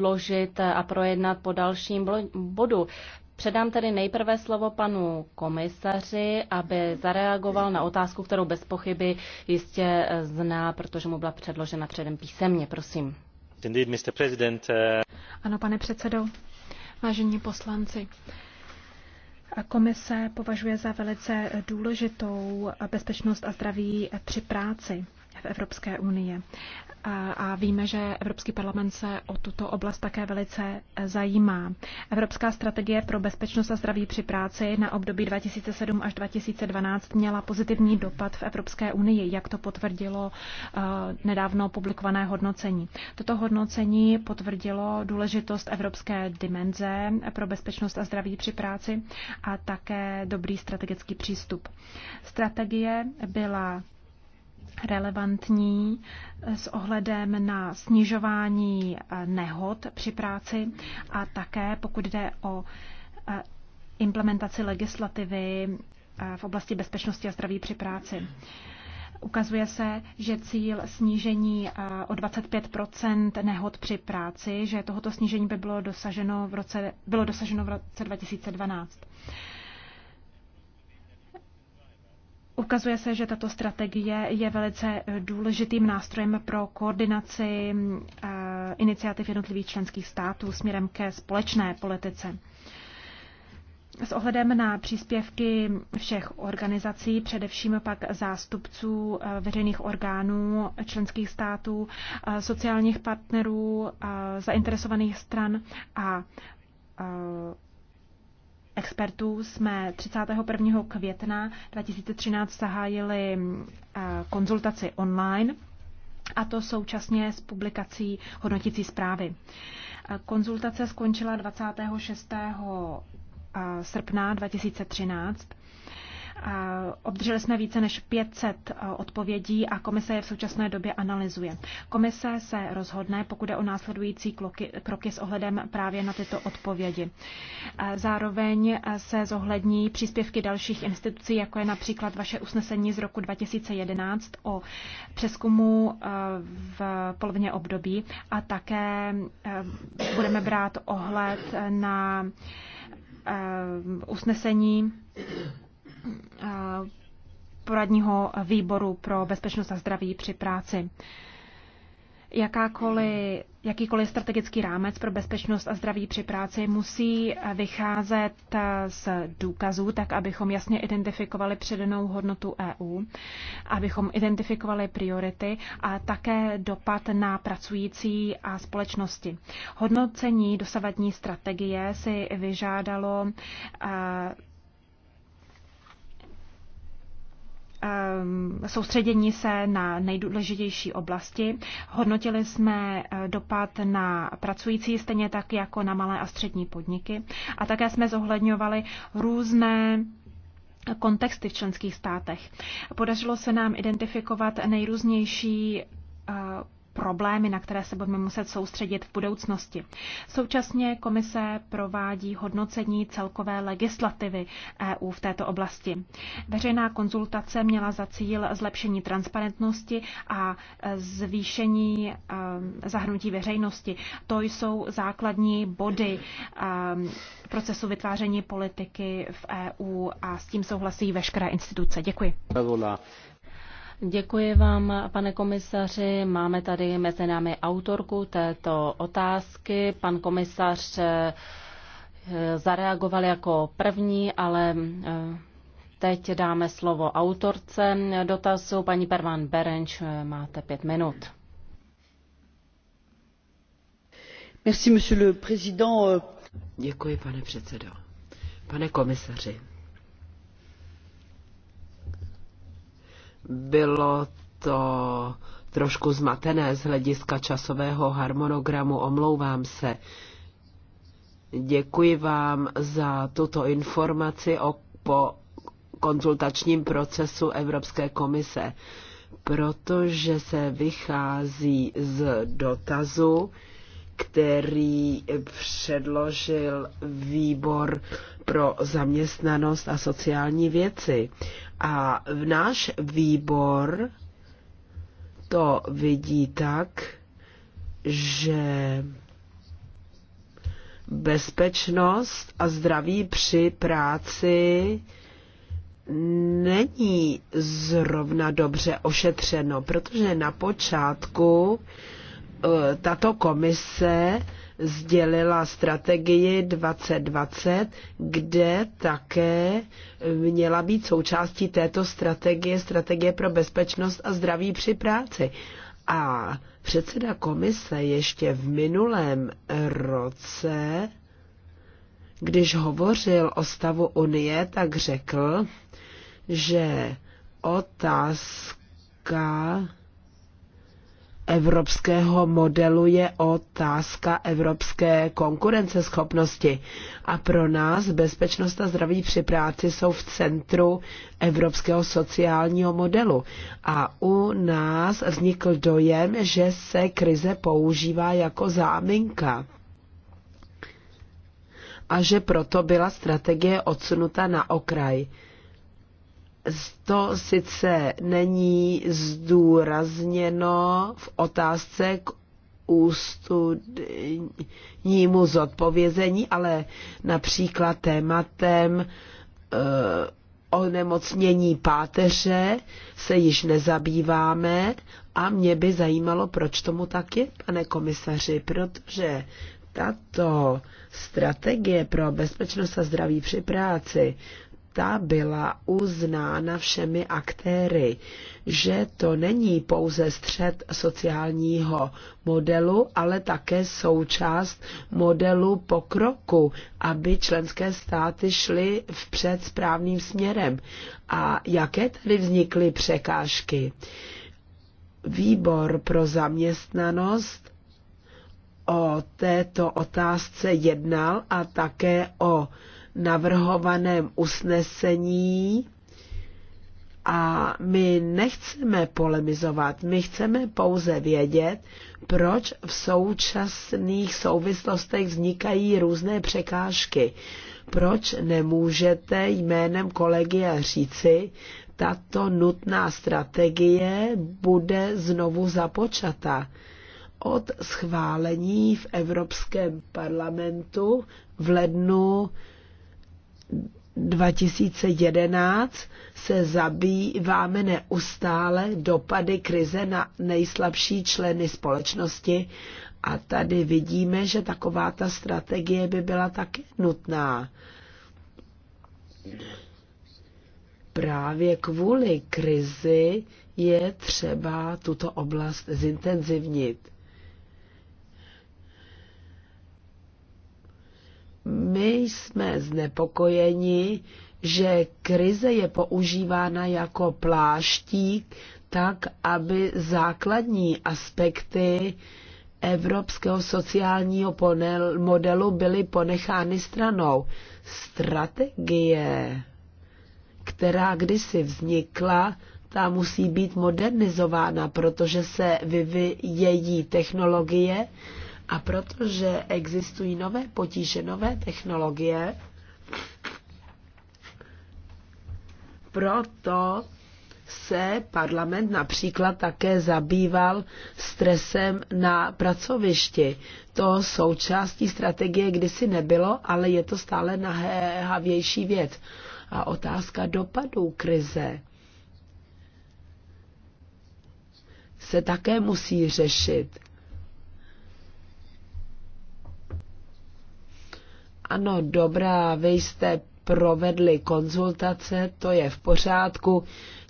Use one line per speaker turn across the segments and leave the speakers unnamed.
odložit a projednat po dalším bodu. Předám tedy nejprve slovo panu komisaři, aby zareagoval na otázku, kterou bez pochyby jistě zná, protože mu byla předložena předem písemně. Prosím.
Indeed, Mr. President, uh,
Ano, pane předsedo, vážení poslanci.
Komise považuje za velice důležitou bezpečnost a zdraví při práci v Evropské unii. A víme, že Evropský parlament se o tuto oblast také velice e, zajímá. Evropská strategie pro bezpečnost a zdraví při práci na období 2007 až 2012 měla pozitivní dopad v Evropské unii, jak to potvrdilo e, nedávno publikované hodnocení. Toto hodnocení potvrdilo důležitost evropské dimenze pro bezpečnost a zdraví při práci a také dobrý strategický přístup. Strategie byla relevantní eh, s ohledem na snižování eh, nehod při práci a také pokud jde o eh, implementaci legislativy v oblasti bezpečnosti a zdraví při práci. Ukazuje se, že cíl snížení o 25 nehod při práci, že tohoto snížení by bylo dosaženo v roce, bylo dosaženo v roce 2012. Ukazuje se, že tato strategie je velice eh, důležitým nástrojem pro koordinaci eh, iniciativ jednotlivých členských států směrem ke společné politice. S ohledem na příspěvky všech organizací, především pak zástupců eh, veřejných orgánů členských států, sociálních partnerů, zainteresovaných stran a expertů jsme 31. května 2013 zahájili eh, konzultaci online a to současně s publikací hodnotící zprávy. Eh, konzultace skončila 26. Eh, srpna 2013 Obdrželi jsme více než 500 e, odpovědí a komise je v současné době analyzuje. Komise se rozhodne, pokud je o následující kroky, kroky s ohledem právě na tyto odpovědi. E, zároveň e, se zohlední příspěvky dalších institucí, jako je například vaše usnesení z roku 2011 o přeskumu v polovině období a také budeme brát ohled na usnesení Eh, poradního výboru pro bezpečnost a zdraví při práci. Jakákoliv, jakýkoliv strategický rámec pro bezpečnost a zdraví při práci musí vycházet z důkazů, tak abychom jasně identifikovali předenou hodnotu EU, abychom identifikovali priority a také dopad na pracující a společnosti. Hodnocení dosavadní strategie si vyžádalo eh, Ehm, soustředění se na nejdůležitější oblasti. Hodnotili jsme eh, dopad na pracující stejně tak jako na malé a střední podniky a také jsme zohledňovali různé kontexty v členských státech. Podařilo se nám identifikovat nejrůznější eh, problémy, na které se budeme muset soustředit v budoucnosti. Současně komise provádí hodnocení celkové legislativy EU v této oblasti. Veřejná konzultace měla za cíl zlepšení transparentnosti a zvýšení eh, zahrnutí veřejnosti. To jsou základní body eh, procesu vytváření politiky v EU
a s tím souhlasí veškeré instituce. Děkuji. Děkuji vám, pane komisaři. Máme tady mezi námi autorku této otázky. Pan komisař eh, zareagoval jako první, ale eh, teď dáme slovo autorce dotazu. Paní Pervan Berenč, eh, máte pět minut.
Merci, monsieur le président. Děkuji, pane předsedo. Pane komisaři, Bylo to trošku zmatené z hlediska časového harmonogramu, omlouvám se. Děkuji vám za tuto informaci o po konzultačním procesu Evropské komise, protože se vychází z dotazu, který předložil výbor pro zaměstnanost a sociální věci. A v náš výbor to vidí tak, že bezpečnost a zdraví při práci není zrovna dobře ošetřeno, protože na počátku eh, tato komise sdělila strategii 2020, kde také měla být součástí této strategie strategie pro bezpečnost a zdraví při práci. A předseda komise ještě v minulém roce, když hovořil o stavu Unie, tak řekl, že otázka evropského modelu je otázka evropské konkurenceschopnosti. A pro nás bezpečnost a zdraví při práci jsou v centru evropského sociálního modelu. A u nás vznikl dojem, že se krize používá jako záminka a že proto byla strategie odsunuta na okraj. To sice není zdůrazněno v otázce k ústudnímu zodpovězení, ale například tématem e, onemocnění páteře se již nezabýváme a mě by zajímalo, proč tomu tak je, pane komisaři, protože tato strategie pro bezpečnost a zdraví při práci ta byla uznána všemi aktéry, že to není pouze střed sociálního modelu, ale také součást modelu pokroku, aby členské státy šly vpřed správným směrem. A jaké tady vznikly překážky? Výbor pro zaměstnanost o této otázce jednal a také o navrhovaném usnesení a my nechceme polemizovat, my chceme pouze vědět, proč v současných souvislostech vznikají různé překážky. Proč nemůžete jménem kolegia říci, tato nutná strategie bude znovu započata od schválení v Evropském parlamentu v lednu 2011 se zabýváme neustále dopady krize na nejslabší členy společnosti a tady vidíme, že taková ta strategie by byla také nutná. Právě kvůli krizi je třeba tuto oblast zintenzivnit. My jsme znepokojeni, že krize je používána jako pláštík, tak aby základní aspekty evropského sociálního modelu byly ponechány stranou. Strategie, která kdysi vznikla, ta musí být modernizována, protože se vyvíjejí technologie, a protože existují nové potíže, nové technologie, proto se parlament například také zabýval stresem na pracovišti. To součástí strategie kdysi nebylo, ale je to stále nahávější věc. A otázka dopadů krize se také musí řešit. Ano, dobrá, vy jste provedli konzultace, to je v pořádku,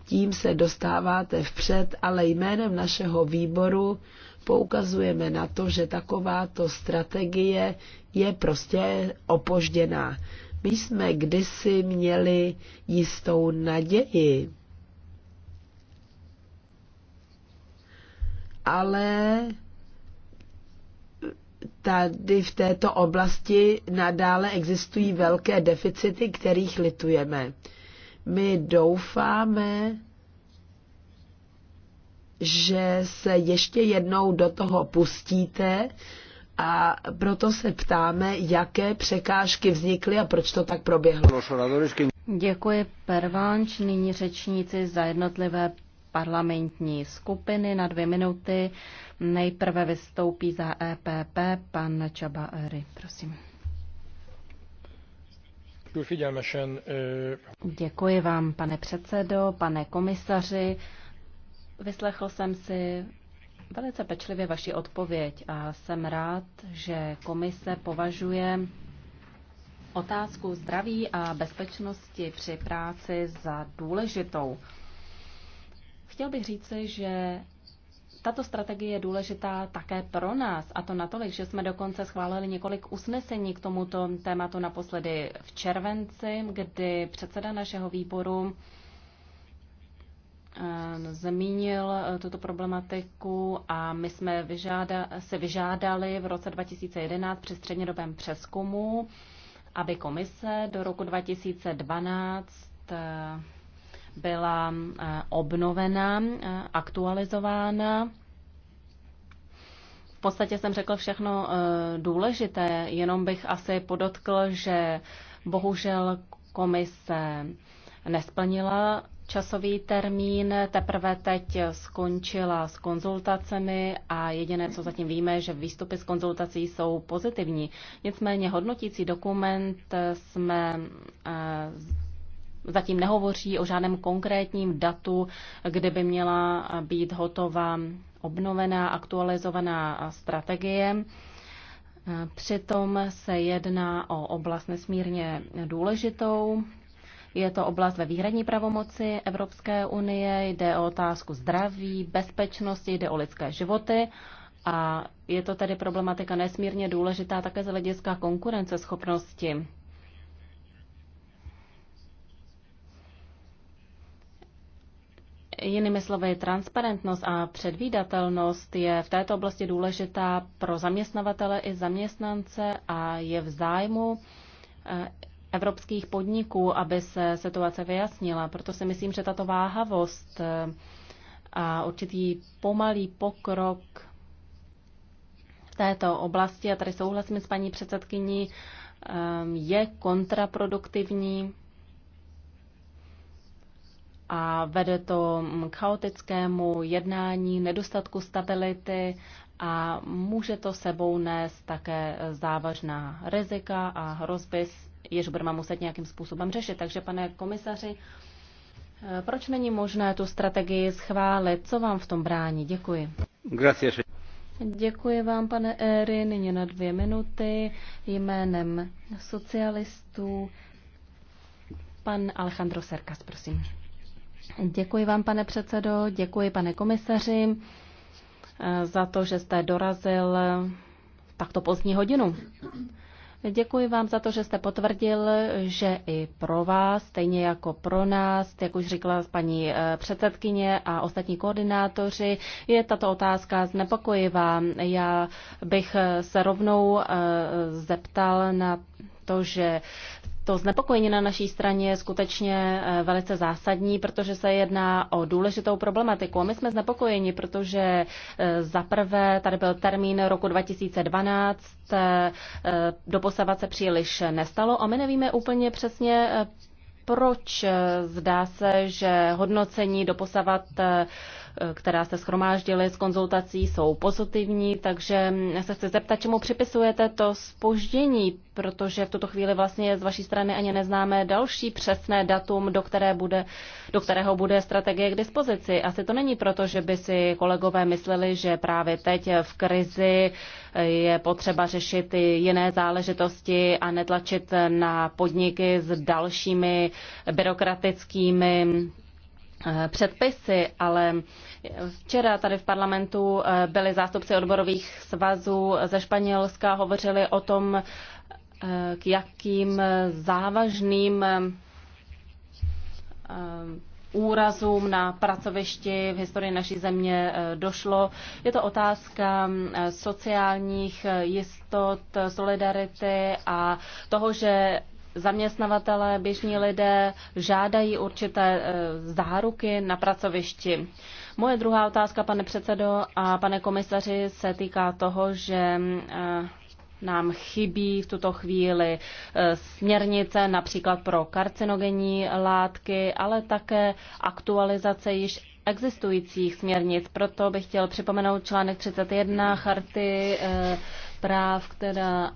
tím se dostáváte vpřed, ale jménem našeho výboru poukazujeme na to, že takováto strategie je prostě opožděná. My jsme kdysi měli jistou naději, ale tady v této oblasti nadále existují velké deficity, kterých litujeme. My doufáme, že se ještě jednou do toho pustíte a proto se ptáme, jaké překážky vznikly a proč to tak proběhlo.
Děkuji Pervánč, nyní řečníci za jednotlivé parlamentní skupiny na dvě minuty. Nejprve vystoupí za EPP pan Čaba Ery. Prosím. Děkuji vám, pane předsedo, pane komisaři. Vyslechl jsem si velice pečlivě vaši odpověď a jsem rád, že komise považuje otázku zdraví a bezpečnosti při práci za důležitou. Chtěl bych říci, že tato strategie je důležitá také pro nás, a to natolik, že jsme dokonce schválili několik usnesení k tomuto tématu naposledy v červenci, kdy předseda našeho výboru ehm, zmínil eh, tuto problematiku a my jsme vyžáda, se vyžádali v roce 2011 při střednědobém přeskumu, aby komise do roku 2012 byla eh, obnovena, eh, aktualizována. V podstatě jsem řekl všechno eh, důležité, jenom bych asi podotkl, že bohužel komise nesplnila časový termín, teprve teď skončila s konzultacemi a jediné, co zatím víme, že výstupy z konzultací jsou pozitivní. Nicméně hodnotící dokument jsme zatím nehovoří o žádném konkrétním datu, kde by měla být hotová obnovená, aktualizovaná strategie. Přitom se jedná o oblast nesmírně důležitou. Je to oblast ve výhradní pravomoci Evropské unie, jde o otázku zdraví, bezpečnosti, jde o lidské životy a je to tedy problematika nesmírně důležitá také z hlediska konkurenceschopnosti. Jinými slovy, transparentnost a předvídatelnost je v této oblasti důležitá pro zaměstnavatele i zaměstnance a je v zájmu eh, evropských podniků, aby se situace vyjasnila. Proto si myslím, že tato váhavost eh, a určitý pomalý pokrok v této oblasti, a tady souhlasím s paní předsedkyní, eh, je kontraproduktivní a vede to k chaotickému jednání, nedostatku stability a může to sebou nést také závažná rizika a hrozby, jež budeme muset nějakým způsobem řešit. Takže, pane komisaři, eh, proč není možné tu strategii schválit? Co vám v tom brání? Děkuji. Gracias. Děkuji vám, pane Éry, nyní na dvě minuty. Jménem socialistů pan Alejandro Serkas, prosím. Děkuji vám, pane předsedo, děkuji, pane komisaři, eh, za to, že jste dorazil v takto pozdní hodinu. Děkuji vám za to, že jste potvrdil, že i pro vás, stejně jako pro nás, jak už říkala paní eh, předsedkyně a ostatní koordinátoři, je tato otázka znepokojivá. Já bych se rovnou eh, zeptal na to, že to znepokojení na naší straně je skutečně eh, velice zásadní, protože se jedná o důležitou problematiku. A my jsme znepokojeni, protože eh, zaprvé tady byl termín roku 2012, eh, doposavat se příliš nestalo a my nevíme úplně přesně, proč zdá se, že hodnocení doposavat která jste schromáždili z konzultací, jsou pozitivní, takže se chci zeptat, čemu připisujete to spoždění, protože v tuto chvíli vlastně z vaší strany ani neznáme další přesné datum, do, které bude, do kterého bude strategie k dispozici. Asi to není proto, že by si kolegové mysleli, že právě teď v krizi je potřeba řešit i jiné záležitosti a netlačit na podniky s dalšími byrokratickými Eh, předpisy, ale včera tady v parlamentu eh, byli zástupci odborových svazů ze Španělska, hovořili o tom, eh, k jakým závažným úrazům na pracovišti v historii naší země došlo. Je to otázka sociálních jistot, solidarity a toho, že zaměstnavatelé, běžní lidé žádají určité e, záruky na pracovišti. Moje druhá otázka, pane předsedo a pane komisaři, se týká toho, že e, nám chybí v tuto chvíli e, směrnice například pro karcinogenní látky, ale také aktualizace již existujících směrnic. Proto bych chtěl připomenout článek 31 Charty práv, která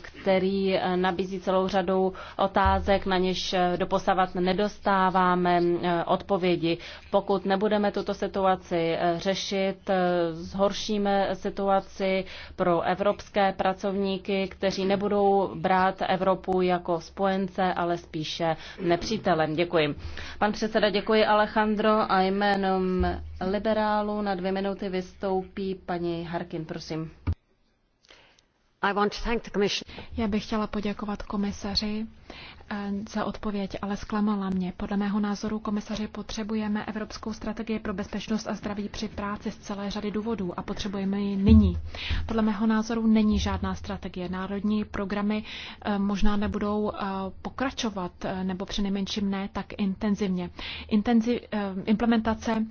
který eh, nabízí celou řadu otázek, na něž eh, doposavat nedostáváme eh, odpovědi. Pokud nebudeme tuto situaci řešit, zhoršíme situaci pro evropské pracovníky, kteří nebudou brát Evropu jako spojence, ale spíše nepřítelem. Děkuji. Pan předseda, děkuji Alejandro a jménem liberálu na dvě minuty vystoupí paní Harkin, prosím. Já bych chtěla poděkovat komisaři eh, za
odpověď, ale zklamala mě. Podle mého názoru, komisaři, potřebujeme evropskou strategii pro bezpečnost a zdraví při práci z celé řady důvodů a potřebujeme ji nyní. Podle mého názoru není žádná strategie. Národní programy eh, možná nebudou eh, pokračovat, nebo přinejmenším ne tak intenzivně. Intenzi- implementace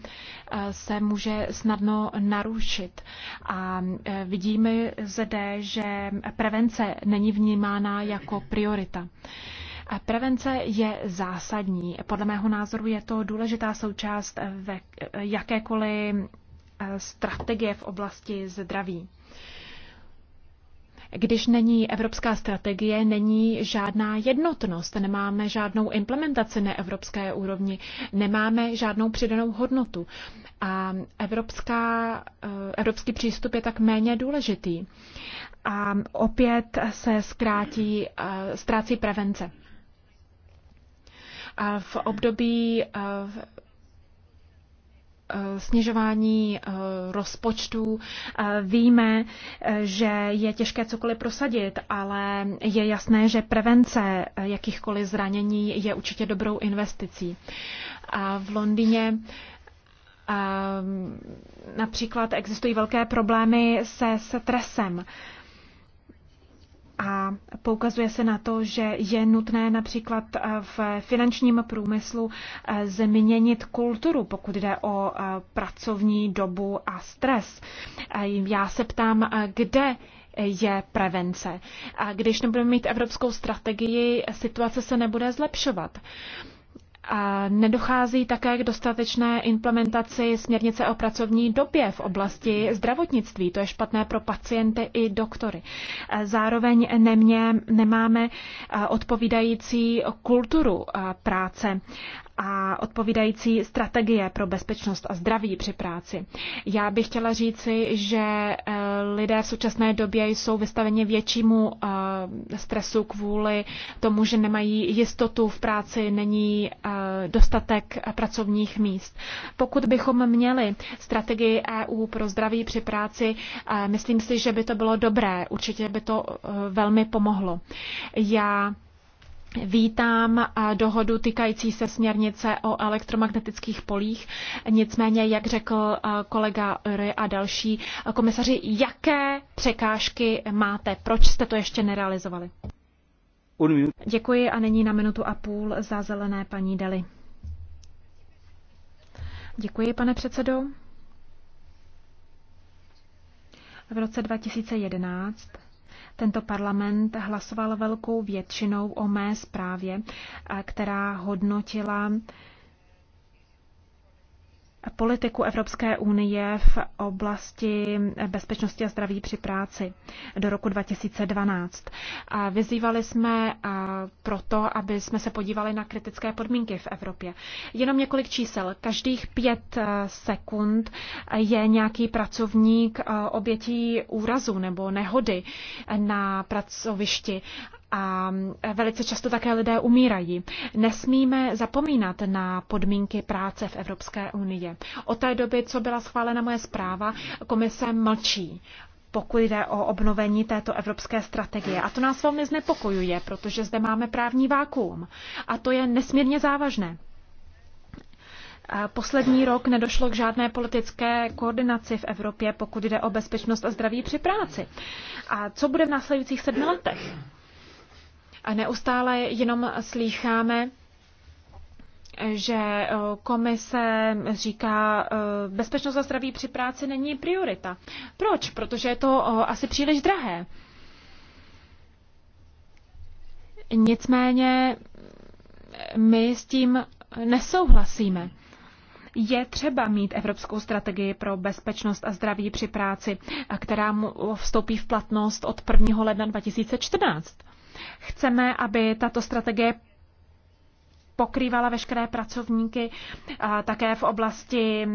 se může snadno narušit a vidíme zde, že prevence není vnímána jako priorita. Prevence je zásadní. Podle mého názoru je to důležitá součást ve jakékoliv eh, strategie v oblasti zdraví. Když není evropská strategie, není žádná jednotnost, nemáme žádnou implementaci na evropské úrovni, nemáme žádnou přidanou hodnotu. A evropská, eh, evropský přístup je tak méně důležitý. A opět se zkrátí, eh, ztrácí prevence. A v období eh, Eh, snižování eh, rozpočtů. Eh, víme, že je těžké cokoliv prosadit, ale je jasné, že prevence jakýchkoliv zranění je určitě dobrou investicí. A v Londýně ehm, například existují velké problémy se stresem. A poukazuje se na to, že je nutné například eh, v finančním průmyslu eh, změnit kulturu, pokud jde o eh, pracovní dobu a stres. Já se ptám, kde je prevence. A když nebudeme mít evropskou strategii, situace se nebude zlepšovat. Nedochází také k dostatečné implementaci směrnice o pracovní době v oblasti zdravotnictví. To je špatné pro pacienty i doktory. Zároveň nemě, nemáme odpovídající kulturu práce a odpovídající strategie pro bezpečnost a zdraví při práci. Já bych chtěla říci, že eh, lidé v současné době jsou vystaveni většímu eh, stresu kvůli tomu, že nemají jistotu v práci, není eh, dostatek pracovních míst. Pokud bychom měli strategii EU pro zdraví při práci, myslím si, že by to bylo dobré, určitě by to velmi pomohlo. Já Vítám eh, dohodu týkající se směrnice o elektromagnetických polích. Nicméně, jak řekl eh, kolega Ry a další eh, komisaři, jaké překážky máte? Proč jste to ještě nerealizovali? Děkuji a nyní na minutu a půl za zelené paní Deli. Děkuji, pane předsedo. V roce 2011 tento parlament hlasoval velkou většinou o mé zprávě, která hodnotila politiku Evropské unie v oblasti bezpečnosti a zdraví při práci do roku 2012. Vyzývali jsme proto, aby jsme se podívali na kritické podmínky v Evropě. Jenom několik čísel. Každých pět e, sekund je nějaký pracovník e, obětí úrazu nebo nehody na pracovišti a velice často také lidé umírají. Nesmíme zapomínat na podmínky práce v Evropské unii. Od té doby, co byla schválena moje zpráva, komise mlčí pokud jde o obnovení této evropské strategie. A to nás velmi znepokojuje, protože zde máme právní vákuum. A to je nesmírně závažné. Poslední rok nedošlo k žádné politické koordinaci v Evropě, pokud jde o bezpečnost a zdraví při práci. A co bude v následujících sedmi letech? A neustále jenom slýcháme, že eh, komise říká, eh, bezpečnost a zdraví při práci není priorita. Proč? Protože je to eh, asi příliš drahé. Nicméně my s tím nesouhlasíme. Je třeba mít evropskou strategii pro bezpečnost a zdraví při práci, která mu vstoupí v platnost od 1. ledna 2014. Chceme, aby tato strategie pokrývala veškeré pracovníky také v oblasti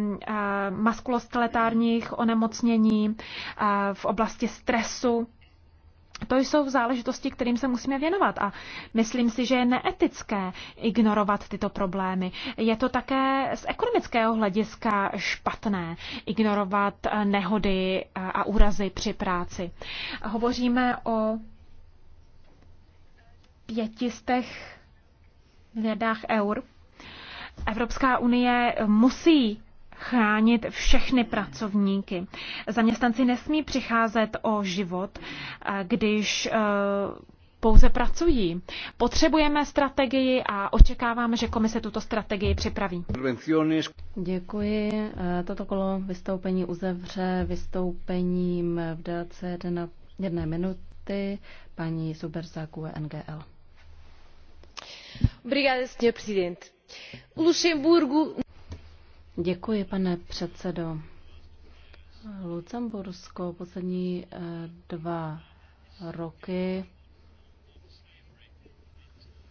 maskuloskeletárních onemocnění, v oblasti stresu. To jsou záležitosti, kterým se musíme věnovat a myslím si, že je neetické ignorovat tyto problémy. Je to také z ekonomického hlediska špatné ignorovat nehody a úrazy při práci. Hovoříme o pětistech miliardách eur. Evropská unie musí chránit všechny pracovníky. Zaměstnanci nesmí přicházet o život, eh, když eh, pouze pracují. Potřebujeme strategii a
očekáváme, že komise tuto strategii připraví. Děkuji. Eh, toto kolo vystoupení uzavře vystoupením v délce jedné minuty paní Suberzáku NGL. Děkuji, pane předsedo. Lucembursko poslední eh, dva roky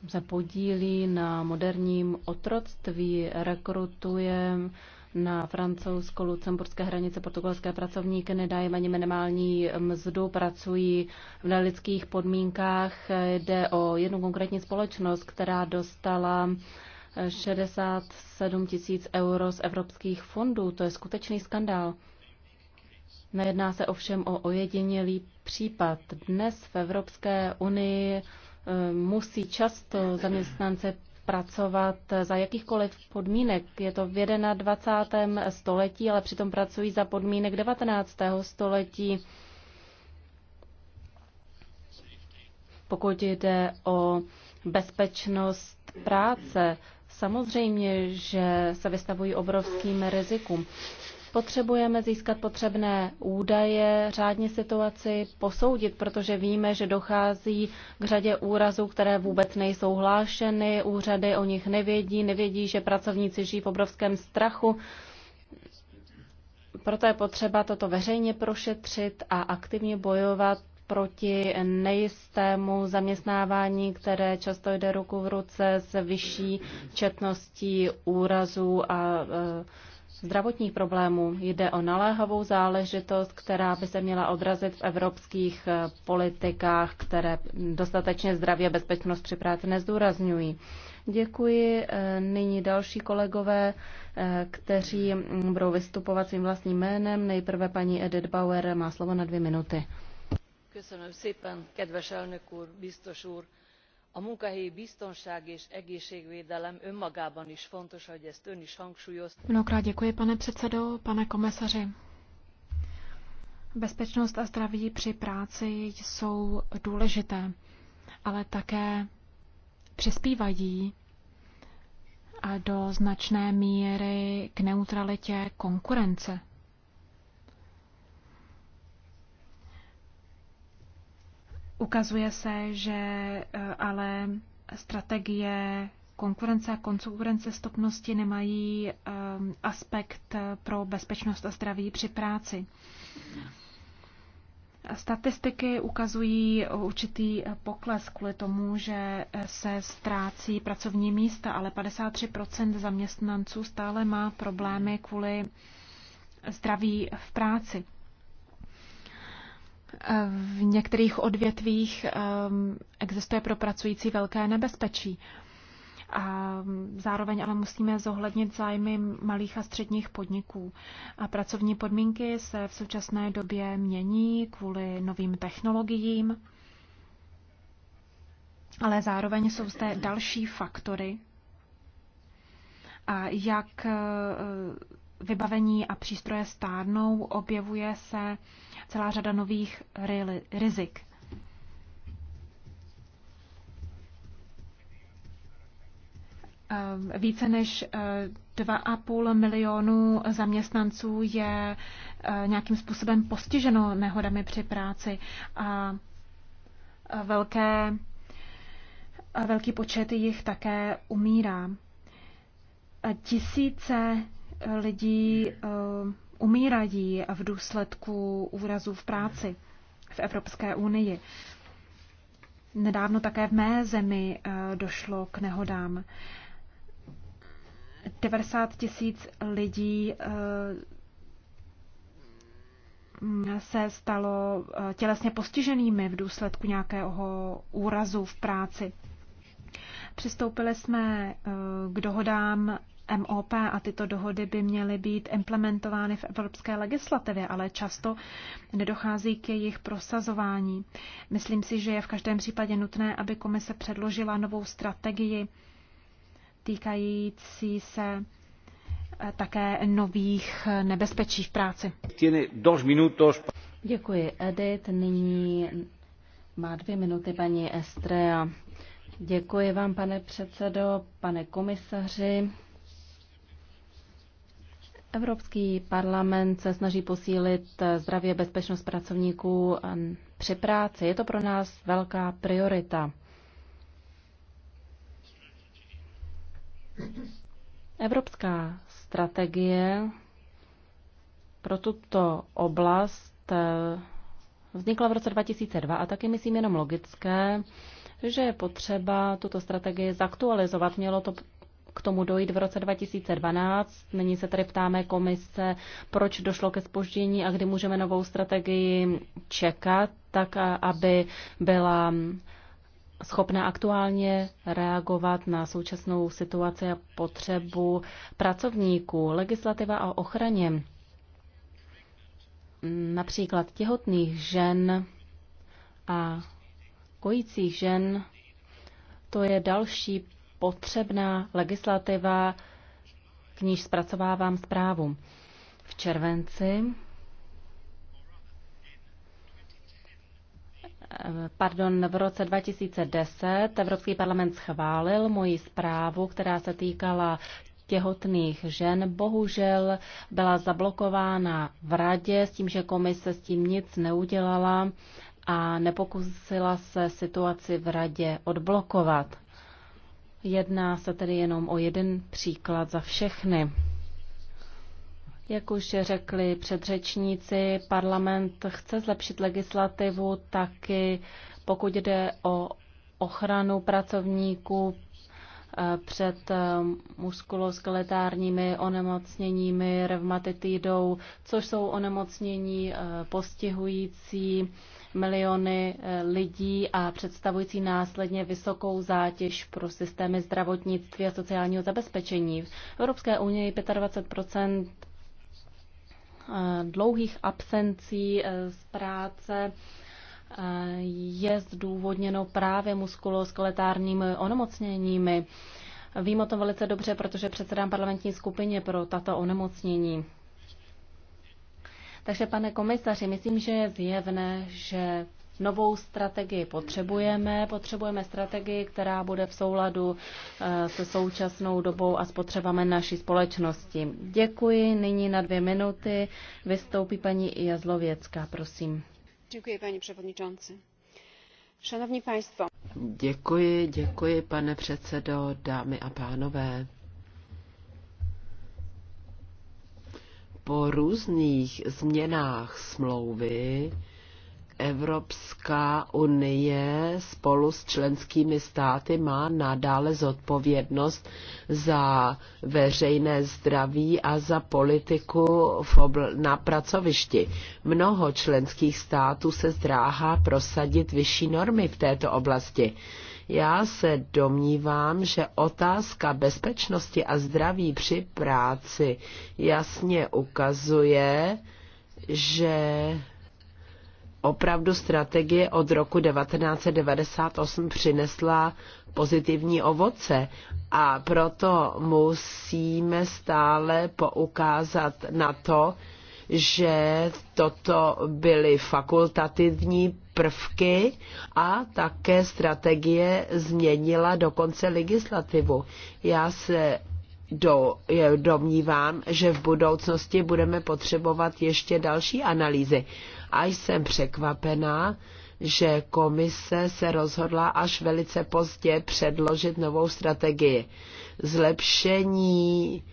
se podílí na moderním otroctví, rekrutuje na francouzsko-lucemburské hranice portugalské pracovníky, nedají ani minimální mzdu, pracují v nelidských podmínkách. Jde o jednu konkrétní společnost, která dostala 67 tisíc euro z evropských fondů. To je skutečný skandál. Nejedná se ovšem o ojedinělý případ. Dnes v Evropské unii eh, musí často zaměstnance pracovat za jakýchkoliv podmínek. Je to v 21. století, ale přitom pracují za podmínek 19. století. Pokud jde o bezpečnost práce, samozřejmě, že se vystavují obrovským rizikům. Potřebujeme získat potřebné údaje, řádně situaci posoudit, protože víme, že dochází k řadě úrazů, které vůbec nejsou hlášeny, úřady o nich nevědí, nevědí, že pracovníci žijí v obrovském strachu. Proto je potřeba toto veřejně prošetřit a aktivně bojovat proti nejistému zaměstnávání, které často jde ruku v ruce s vyšší četností úrazů a e, zdravotních problémů. Jde o naléhavou záležitost, která by se měla odrazit v evropských eh, politikách, které dostatečně zdraví a bezpečnost při práci nezdůrazňují. Děkuji eh, nyní další kolegové, eh, kteří mm, budou vystupovat svým vlastním jménem. Nejprve paní Edith Bauer má slovo na dvě minuty a munkahelyi biztonság és egészségvédelem önmagában is fontos, ahogy ezt ön is hangsúlyozta. Mnohokrát děkuji, pane předsedo,
pane komisaři. Bezpečnost a zdraví při práci jsou důležité, ale také přispívají do značné míry k neutralitě konkurence. Ukazuje se, že eh, ale strategie konkurence a stopnosti nemají eh, aspekt eh, pro bezpečnost a zdraví při práci. Statistiky ukazují určitý pokles kvůli tomu, že se ztrácí pracovní místa, ale 53 zaměstnanců stále má problémy kvůli zdraví v práci. V některých odvětvích ehm, existuje pro pracující velké nebezpečí. A zároveň ale musíme zohlednit zájmy malých a středních podniků. A pracovní podmínky se v současné době mění kvůli novým technologiím, ale zároveň jsou zde další faktory, a jak eh, vybavení a přístroje stárnou, objevuje se celá řada nových rizik. Ehm, více než 2,5 eh, milionu zaměstnanců je eh, nějakým způsobem postiženo nehodami při práci a eh, velké, velký počet jich také umírá. Tisíce lidí eh, umírají v důsledku úrazů v práci v Evropské unii. Nedávno také v mé zemi eh, došlo k nehodám. 90 tisíc lidí eh, se stalo tělesně postiženými v důsledku nějakého úrazu v práci. Přistoupili jsme k dohodám MOP a tyto dohody by měly být implementovány v evropské legislativě, ale často nedochází k jejich prosazování. Myslím si, že je v každém případě nutné, aby komise předložila novou strategii týkající se eh, také nových eh, nebezpečí v práci.
Děkuji, Edith. Nyní má dvě minuty paní Estrea. Děkuji vám, pane předsedo, pane komisaři. Evropský parlament se snaží posílit zdravě bezpečnost pracovníků při práci. Je to pro nás velká priorita. Evropská strategie pro tuto oblast eh, vznikla v roce 2002 a taky myslím jenom logické, že je potřeba tuto strategii zaktualizovat. Mělo to k tomu dojít v roce 2012. Nyní se tady ptáme komise, proč došlo ke spoždění a kdy můžeme novou strategii čekat, tak aby byla schopná aktuálně reagovat na současnou situaci a potřebu pracovníků, legislativa o ochraně například těhotných žen a kojících žen, to je další potřebná legislativa, k níž zpracovávám zprávu. V červenci Pardon, v roce 2010 Evropský parlament schválil moji zprávu, která se týkala těhotných žen. Bohužel byla zablokována v radě s tím, že komise s tím nic neudělala a nepokusila se situaci v radě odblokovat. Jedná se tedy jenom o jeden příklad za všechny. Jak už řekli předřečníci, parlament chce zlepšit legislativu taky, pokud jde o ochranu pracovníků eh, před eh, muskuloskeletárními onemocněními, revmatitidou, což jsou onemocnění eh, postihující miliony eh, lidí a představující následně vysokou zátěž pro systémy zdravotnictví a sociálního zabezpečení. V Evropské unii 25 eh, dlouhých absencí eh, z práce je zdůvodněno právě muskuloskeletárními onemocněními. Vím o tom velice dobře, protože předsedám parlamentní skupině pro tato onemocnění. Takže, pane komisaři, myslím, že je zjevné, že novou strategii potřebujeme. Potřebujeme strategii, která bude v souladu eh, se současnou dobou a s potřebami naší společnosti. Děkuji. Nyní na dvě minuty vystoupí paní Jazlověcká, prosím.
Děkuji, paní předsedající. Šanovní państwo.
Děkuji, děkuji, pane předsedo, dámy a pánové. po různých změnách smlouvy Evropská unie spolu s členskými státy má nadále zodpovědnost za veřejné zdraví a za politiku na pracovišti. Mnoho členských států se zdráhá prosadit vyšší normy v této oblasti. Já se domnívám, že otázka bezpečnosti a zdraví při práci jasně ukazuje, že opravdu strategie od roku 1998 přinesla pozitivní ovoce a proto musíme stále poukázat na to, že toto byly fakultativní prvky a také strategie změnila dokonce legislativu. Já se do, domnívám, že v budoucnosti budeme potřebovat ještě další analýzy. A jsem překvapená, že komise se rozhodla až velice pozdě předložit novou strategii. Zlepšení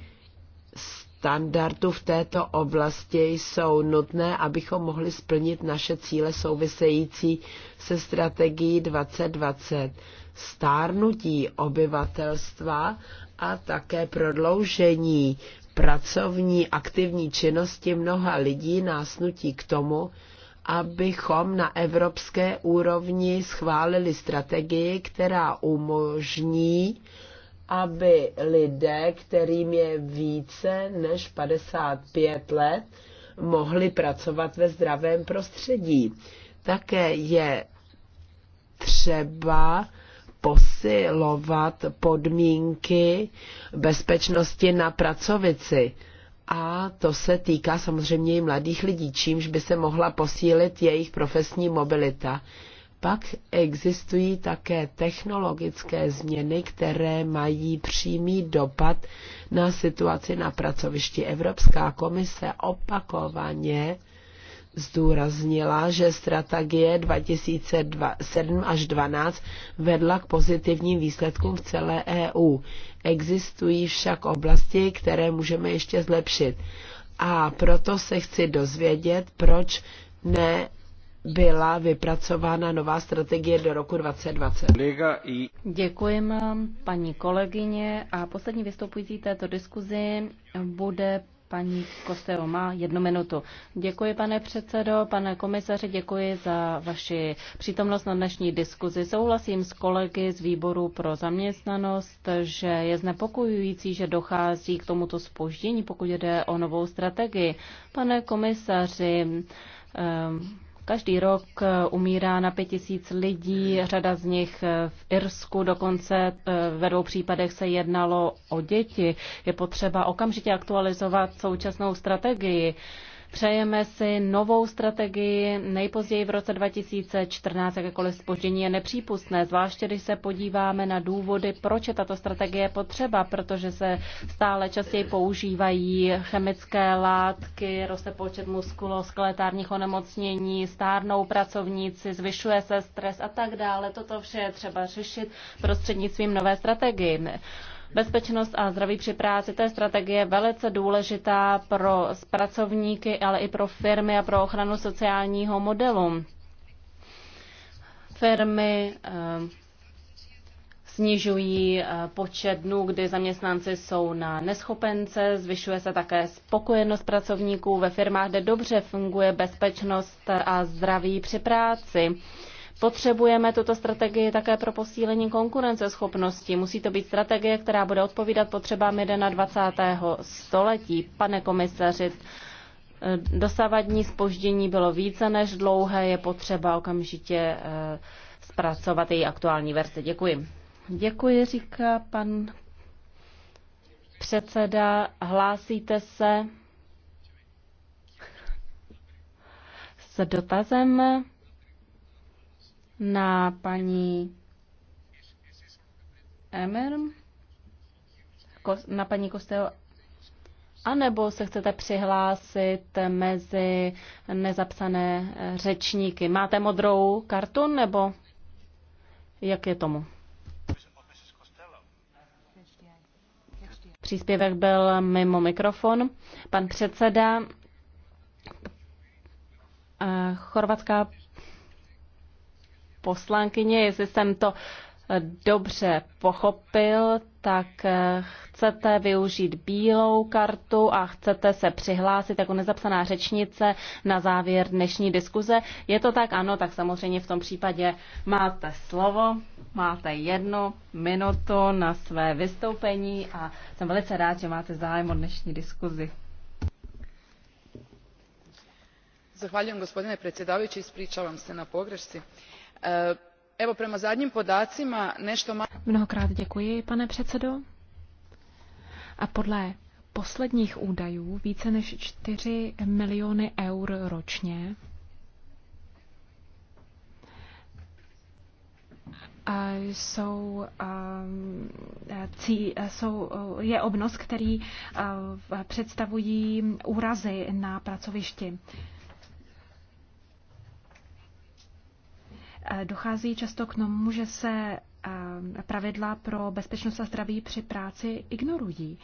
standardu v této oblasti jsou nutné, abychom mohli splnit naše cíle související se strategií 2020. Stárnutí obyvatelstva a také prodloužení pracovní aktivní činnosti mnoha lidí nás nutí k tomu, abychom na evropské úrovni schválili strategii, která umožní aby lidé, kterým je více než 55 let, mohli pracovat ve zdravém prostředí. Také je třeba posilovat podmínky bezpečnosti na pracovici. A to se týká samozřejmě i mladých lidí, čímž by se mohla posílit jejich profesní mobilita. Pak existují také technologické změny, které mají přímý dopad na situaci na pracovišti. Evropská komise opakovaně zdůraznila, že strategie 2007 až 2012 vedla k pozitivním výsledkům v celé EU. Existují však oblasti, které můžeme ještě zlepšit. A proto se chci dozvědět, proč ne byla vypracována nová strategie do roku 2020.
Děkuji vám, paní kolegyně. A poslední vystupující této diskuzi bude paní Kosteo má jednu minutu. Děkuji, pane předsedo, pane komisaři, děkuji za vaši přítomnost na dnešní diskuzi. Souhlasím s kolegy z výboru pro zaměstnanost, že je znepokojující, že dochází k tomuto spoždění, pokud jde o novou strategii. Pane komisaři, ehm, Každý rok eh, umírá na pět tisíc lidí, řada z nich eh, v Irsku, dokonce eh, ve dvou případech se jednalo o děti. Je potřeba okamžitě aktualizovat současnou strategii. Přejeme si novou strategii nejpozději v roce 2014, jakékoliv spoždění je nepřípustné, zvláště když se podíváme na důvody, proč je tato strategie potřeba, protože se stále častěji používají chemické látky, roste počet muskuloskeletárních onemocnění, stárnou pracovníci, zvyšuje se stres a tak dále. Toto vše je třeba řešit prostřednictvím nové strategie. Bezpečnost a zdraví při práci, to je strategie velice důležitá pro pracovníky, ale i pro firmy a pro ochranu sociálního modelu. Firmy eh, snižují eh, počet dnů, kdy zaměstnanci jsou na neschopence, zvyšuje se také spokojenost pracovníků ve firmách, kde dobře funguje bezpečnost a zdraví při práci. Potřebujeme tuto strategii také pro posílení konkurenceschopnosti. Musí to být strategie, která bude odpovídat potřebám 21. století. Pane komisaři, dosavadní spoždění bylo více než dlouhé, je potřeba okamžitě eh, zpracovat její aktuální verze. Děkuji. Děkuji, říká pan předseda. Hlásíte se s dotazem? na paní Emer, na paní Kosteo, anebo se chcete přihlásit mezi nezapsané eh, řečníky. Máte modrou kartu, nebo jak je tomu? Příspěvek byl mimo mikrofon. Pan předseda eh, Chorvatská poslankyně, jestli jsem to eh, dobře pochopil, tak eh, chcete využít bílou kartu a chcete se přihlásit jako nezapsaná řečnice na závěr dnešní diskuze. Je to tak? Ano, tak samozřejmě v tom případě máte slovo, máte jednu minutu na své vystoupení a jsem velice rád, že máte zájem o dnešní diskuzi.
Zahvaljujem gospodine predsjedavajući, ispričavam se na pogrešci Eh,
Mnohokrát děkuji, pane předsedo. A podle posledních údajů více než 4 miliony eur ročně A jsou, a, eh, eh, cí, jsou, je obnos, který a představují úrazy na pracovišti. Eh, dochází často k tomu, že se eh, pravidla pro bezpečnost a zdraví při práci ignorují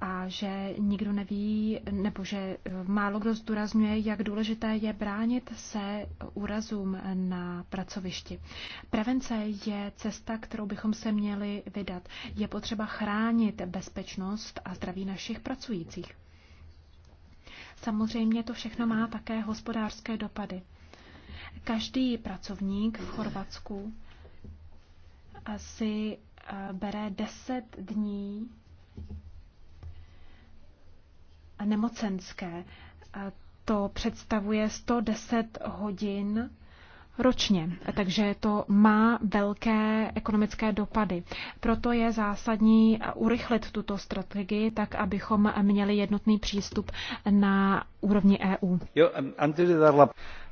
a že nikdo neví, nebo že eh, málo kdo zdůrazňuje, jak důležité je bránit se úrazům na pracovišti. Prevence je cesta, kterou bychom se měli vydat. Je potřeba chránit bezpečnost a zdraví našich pracujících. Samozřejmě to všechno má také hospodářské dopady. Každý pracovník v Chorvatsku si eh, bere 10 dní nemocenské. To představuje 110 hodin ročně, takže to má velké ekonomické dopady. Proto je zásadní eh, urychlit tuto strategii tak, abychom měli jednotný přístup na úrovni
EU. Jo,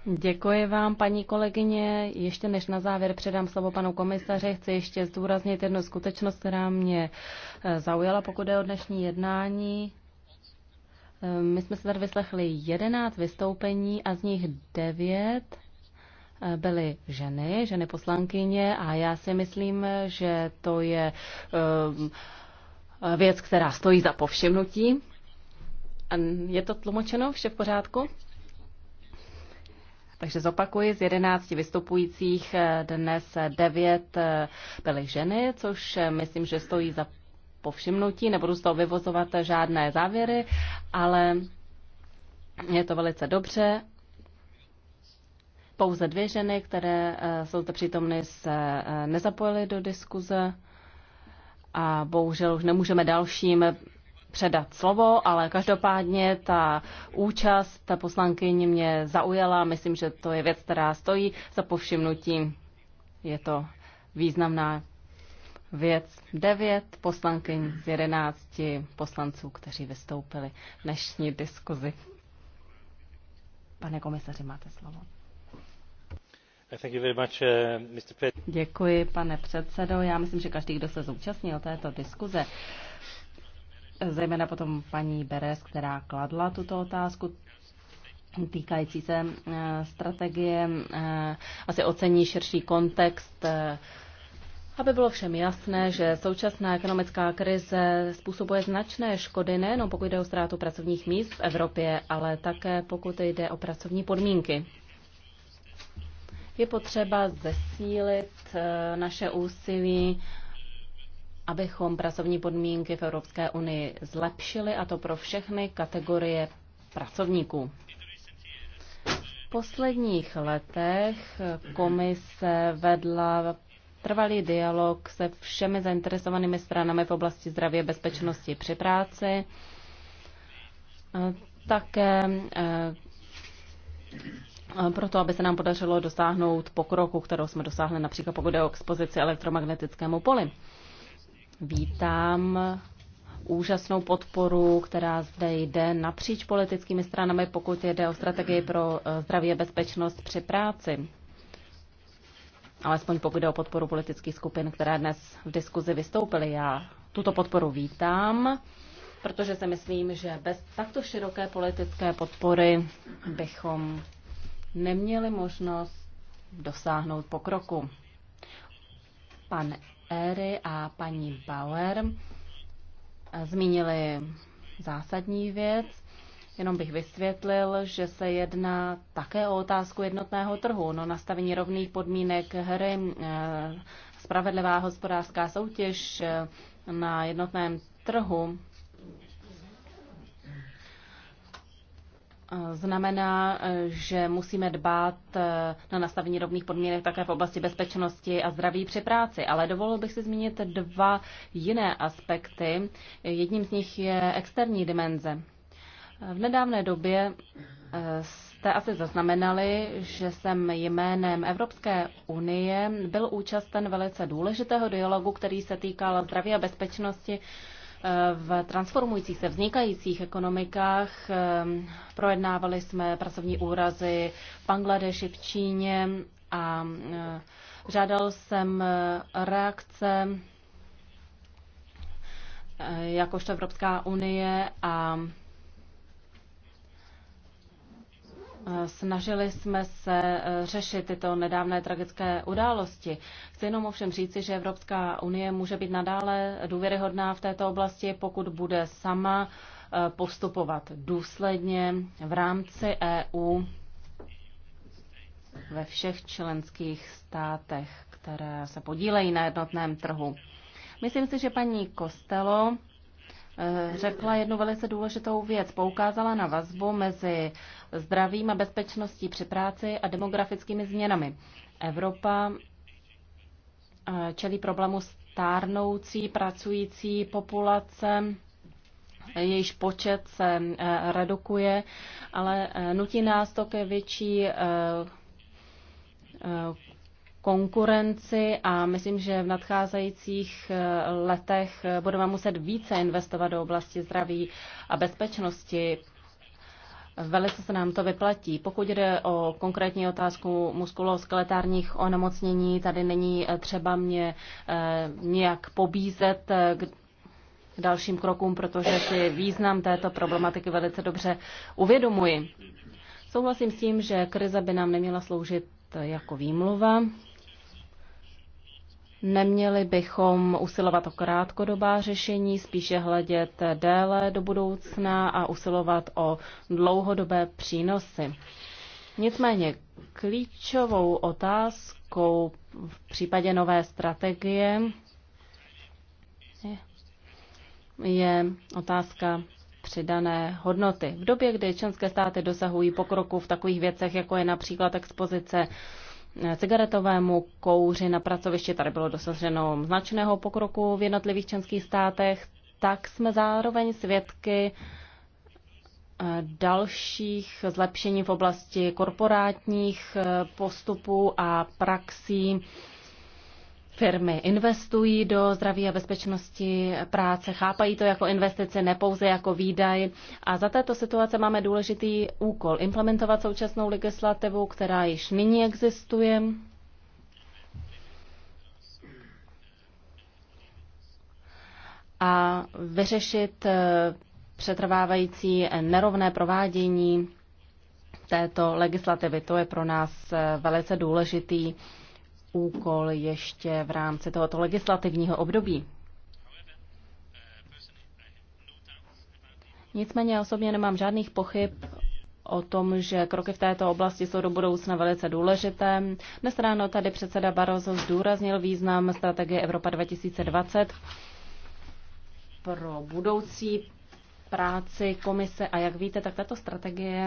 Děkuji vám, paní kolegyně. Ještě než na závěr předám slovo panu komisaři, chci ještě zdůraznit jednu skutečnost, která mě eh, zaujala, pokud je o dnešní jednání. Eh, my jsme se tady vyslechli jedenáct vystoupení a z nich devět eh, byly ženy, ženy poslankyně a já si myslím, že to je věc, která stojí za povšimnutí. Je to tlumočeno? Vše v pořádku? Takže zopakuji, z 11 vystupujících eh, dnes eh, devět eh, byly ženy, což myslím, že stojí za povšimnutí. Nebudu z toho vyvozovat žádné závěry, ale je to velice dobře. Pouze dvě ženy, které jsou zde přítomny, se nezapojily do diskuze a bohužel už nemůžeme dalším předat slovo, ale každopádně ta účast ta poslankyně mě zaujala. Myslím, že to je věc, která stojí za povšimnutí. Je to významná věc. Devět poslankyň z jedenácti poslanců, kteří vystoupili v dnešní diskuzi. Pane komisaři, máte slovo.
Uh,
Děkuji, pane předsedo. Já myslím, že každý, kdo se zúčastnil této diskuze, zejména potom paní Beres, která kladla tuto otázku týkající se eh, strategie, eh, asi ocení širší kontext eh, aby bylo všem jasné, že současná ekonomická krize způsobuje značné škody nejen pokud jde o ztrátu pracovních míst v Evropě, ale také pokud jde o pracovní podmínky. Je potřeba zesílit naše úsilí abychom pracovní podmínky v Evropské unii zlepšili, a to pro všechny kategorie pracovníků. V posledních letech komise vedla trvalý dialog se všemi zainteresovanými stranami v oblasti zdraví a bezpečnosti při práci. Také eh, proto, aby se nám podařilo dosáhnout pokroku, kterou jsme dosáhli například pokud je o expozici elektromagnetickému poli. Vítám úžasnou podporu, která zde jde napříč politickými stranami, pokud jde o strategii pro eh, zdraví a bezpečnost při práci. Alespoň pokud jde o podporu politických skupin, které dnes v diskuzi vystoupily. Já tuto podporu vítám, protože si myslím, že bez takto široké politické podpory bychom neměli možnost dosáhnout pokroku. Pan Éry a paní Bauer zmínili zásadní věc. Jenom bych vysvětlil, že se jedná také o otázku jednotného trhu. No, nastavení rovných podmínek hry, eh, spravedlivá hospodářská soutěž eh, na jednotném trhu znamená, e, že musíme dbát e, na nastavení rovných podmínek také v oblasti bezpečnosti a zdraví při práci. Ale dovolil bych si zmínit dva jiné aspekty. Jedním z nich je externí dimenze. V nedávné době e, jste asi zaznamenali, že jsem jménem Evropské unie byl účasten velice důležitého dialogu, který se týkal zdraví a bezpečnosti v transformujících se vznikajících ekonomikách. Ehm, projednávali jsme pracovní úrazy v Bangladeši, v Číně a eh, žádal jsem eh, reakce eh, jakožto Evropská unie a Snažili jsme se eh, řešit tyto nedávné tragické události. Chci jenom ovšem říci, že Evropská unie může být nadále důvěryhodná v této oblasti, pokud bude sama eh, postupovat důsledně v rámci EU ve všech členských státech, které se podílejí na jednotném trhu. Myslím si, že paní Kostelo eh, řekla jednu velice důležitou věc. Poukázala na vazbu mezi zdravím a bezpečností při práci a demografickými změnami. Evropa eh, čelí problému stárnoucí pracující populace, jejíž počet se eh, redukuje, ale eh, nutí nás to ke větší konkurenci a myslím, že v nadcházejících letech budeme muset více investovat do oblasti zdraví a bezpečnosti. Velice se nám to vyplatí. Pokud jde o konkrétní otázku muskuloskeletárních onemocnění, tady není eh, třeba mě eh, nějak pobízet eh, k dalším krokům, protože si význam této problematiky velice dobře uvědomuji. Souhlasím s tím, že krize by nám neměla sloužit jako výmluva. Neměli bychom usilovat o krátkodobá řešení, spíše hledět déle do budoucna a usilovat o dlouhodobé přínosy. Nicméně klíčovou otázkou v případě nové strategie je otázka přidané hodnoty. V době, kdy členské státy dosahují pokroku v takových věcech, jako je například expozice cigaretovému kouři na pracovišti. Tady bylo dosaženo značného pokroku v jednotlivých členských státech, tak jsme zároveň svědky eh, dalších zlepšení v oblasti korporátních eh, postupů a praxí Firmy investují do zdraví a bezpečnosti práce, chápají to jako investice, ne pouze jako výdaj. A za této situace máme důležitý úkol implementovat současnou legislativu, která již nyní existuje. A vyřešit eh, přetrvávající nerovné provádění této legislativy. To je pro nás eh, velice důležitý úkol ještě v rámci tohoto legislativního období. Nicméně osobně nemám žádných pochyb o tom, že kroky v této oblasti jsou do budoucna velice důležité. Dnes ráno tady předseda Barroso zdůraznil význam strategie Evropa 2020 pro budoucí práci komise a jak víte, tak tato strategie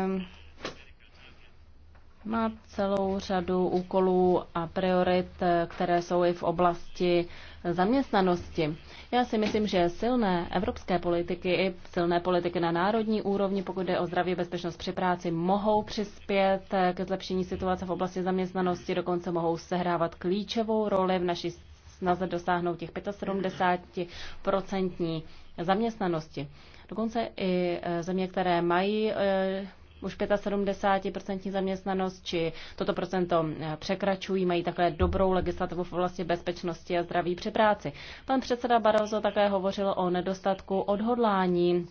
má celou řadu úkolů a priorit, které jsou i v oblasti zaměstnanosti. Já si myslím, že silné evropské politiky i silné politiky na národní úrovni, pokud jde o zdraví a bezpečnost při práci, mohou přispět ke zlepšení situace v oblasti zaměstnanosti, dokonce mohou sehrávat klíčovou roli v naší snaze dosáhnout těch 75% zaměstnanosti. Dokonce i země, které mají eh, už 75% zaměstnanost, či toto procento eh, překračují, mají takhle dobrou legislativu v oblasti bezpečnosti a zdraví při práci. Pan předseda Barozo také hovořil o nedostatku odhodlání.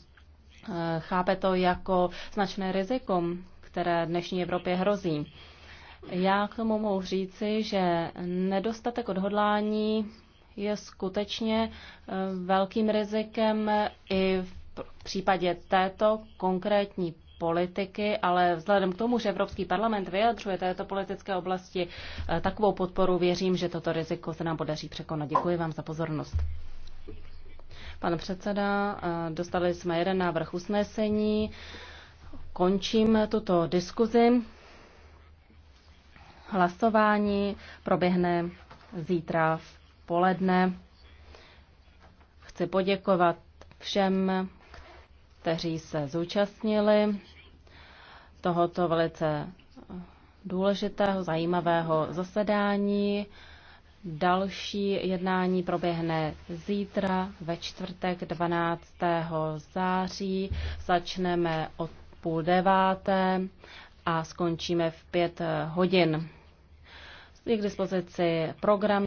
Eh, chápe to jako značné riziko, které dnešní Evropě hrozí. Já k tomu mohu říci, že nedostatek odhodlání je skutečně eh, velkým rizikem i v případě této konkrétní politiky, ale vzhledem k tomu, že Evropský parlament vyjadřuje této politické oblasti eh, takovou podporu, věřím, že toto riziko se nám podaří překonat. Děkuji vám za pozornost. Pan předseda, eh, dostali jsme jeden návrh usnesení. Končím tuto diskuzi. Hlasování proběhne zítra v poledne. Chci poděkovat všem, kteří se zúčastnili tohoto velice důležitého, zajímavého zasedání. Další jednání proběhne zítra ve čtvrtek 12. září. Začneme od půl deváté a skončíme v pět hodin. Je k dispozici program